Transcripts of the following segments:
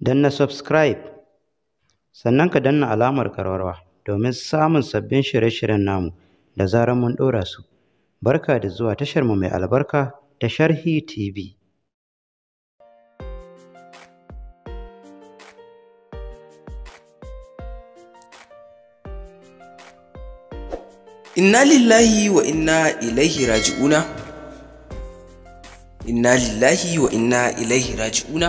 danna subscribe sannan ka danna alamar karwarwa domin samun sabbin shirye-shiryen namu da zarar mun ɗora su. Barka da zuwa tashar mu mai albarka ta Sharhi TV. Inna lillahi wa inna ilaihi raji'una Inna lillahi wa inna ilaihi raji'una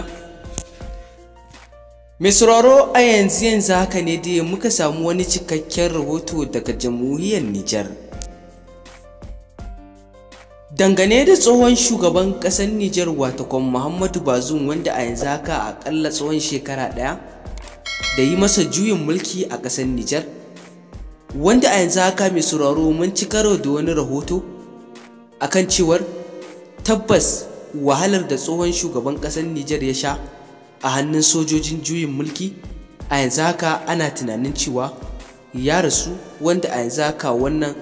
Mai sauraro a yanzu yanzu haka ne dai muka samu wani cikakken rahoto daga jamhuriyar Nijar. Dangane da tsohon shugaban ƙasar Nijar watakon Muhammadu Bazoum wanda a yanzu haka aƙalla tsohon shekara ɗaya da yi masa juyin mulki a ƙasar Nijar. Wanda a yanzu haka mai sauraro mun ci karo da wani rahoto akan cewar tabbas wahalar da tsohon shugaban ƙasar Nijar ya sha a hannun sojojin juyin mulki a yanzu haka ana tunanin cewa ya rasu wanda a yanzu haka wannan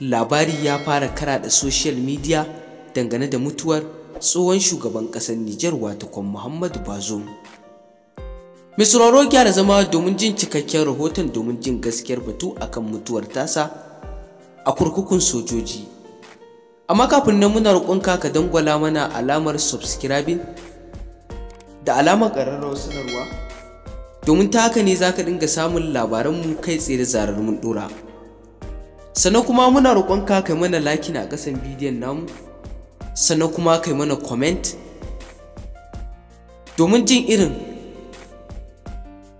labari ya fara kara da social media dangane da mutuwar tsohon shugaban ƙasar Nijar watakon Muhammadu Bazoum. Misraro gyara zama domin jin cikakken rahoton domin jin gaskiyar batu akan mutuwar tasa a kurkukun sojoji. Amma kafin nan muna roƙonka ka dangwala mana alamar subscribing da alamar ƙararrawar sanarwa domin ta haka ne za ka dinga samun labaranmu kai tsaye da zarar mun ɗora Sana kuma muna ka kai mana lakina a ƙasan bidiyon namu sannan kuma kai mana comment domin jin irin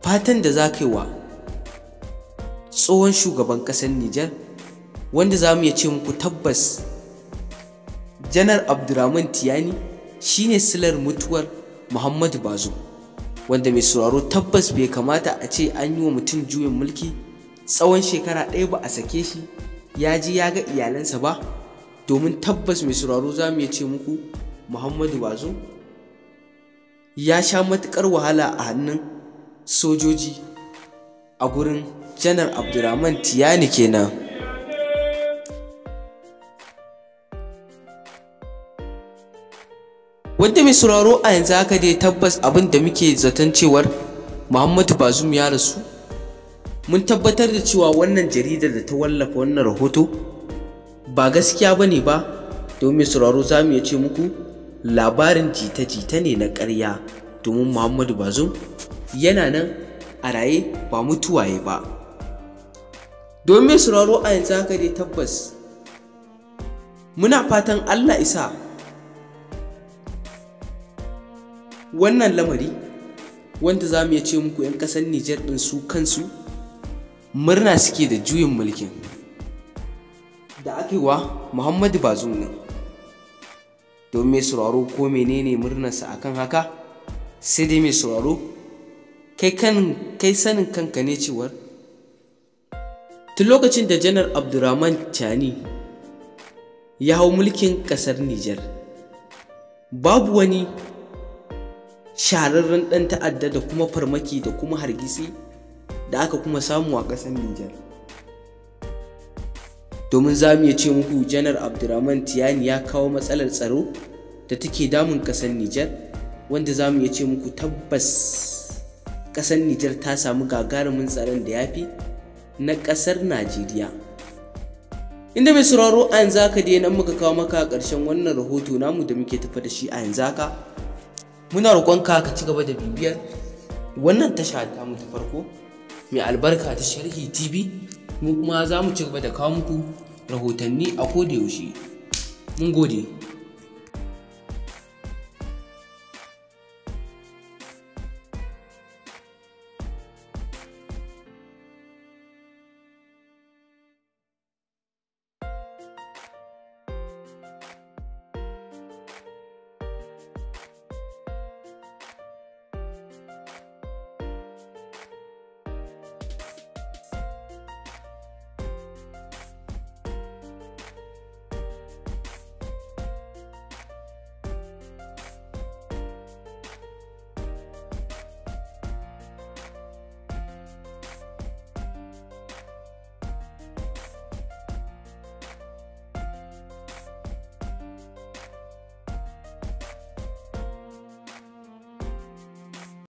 fatan da za ka yi wa tsohon shugaban ƙasar Nijar wanda za mu iya ce muku tabbas janar abdurrahman tiyani shine silar mutuwar muhammadu Bazu wanda mai sauraro tabbas bai kamata a ce an yi wa mutum juyin mulki tsawon shekara ɗaya ba a sake shi ya ji ya ga iyalansa ba domin tabbas mai sauraro za mu ce muku muhammadu Bazu ya sha matukar wahala a hannun sojoji a gurin janar abdurrahman tiyani kenan wanda mai sauraro a yanzu haka dai tabbas abin da muke zaton cewar muhammadu bazum ya rasu mun tabbatar da cewa wannan jaridar da ta wallafa wannan rahoto ba gaskiya ba ne ba domin sauraro za mu ce muku labarin jita-jita ne na karya domin muhammadu bazum yana nan a raye ba mutuwaye ba domin sauraro a yanzu haka dai tabbas muna fatan allah isa wannan lamari wanda za mu iya ce muku 'yan ƙasar nijar ɗin su kansu murna suke da juyin mulkin da aka wa muhammadu bazum ne don mai sauraro ko menene murnarsa a kan haka sai dai mai sauraro kai sanin kanka ne cewar tun lokacin da janar abdurrahman chani ya hau mulkin kasar nijar babu wani shahararren ɗan ta'adda da kuma farmaki da kuma hargitsi da aka kuma samu a ƙasar Nijar. Domin za mu iya ce muku Janar Abdurrahman Tiyani ya kawo matsalar tsaro da take damun ƙasar Nijar wanda za mu iya ce muku tabbas ƙasar Nijar ta samu gagarumin tsaron da ya fi na ƙasar Najeriya. Inda mai sauraro a yanzu haka dai nan muka kawo maka ƙarshen wannan rahoto namu da muke tafa da shi a yanzu haka. muna roƙonka ka ci gaba da bibiyar wannan tasha ta mu ta farko mai albarka ta sharhi tv mu kuma za mu ci gaba da kawo muku rahotanni a koda yaushe mun gode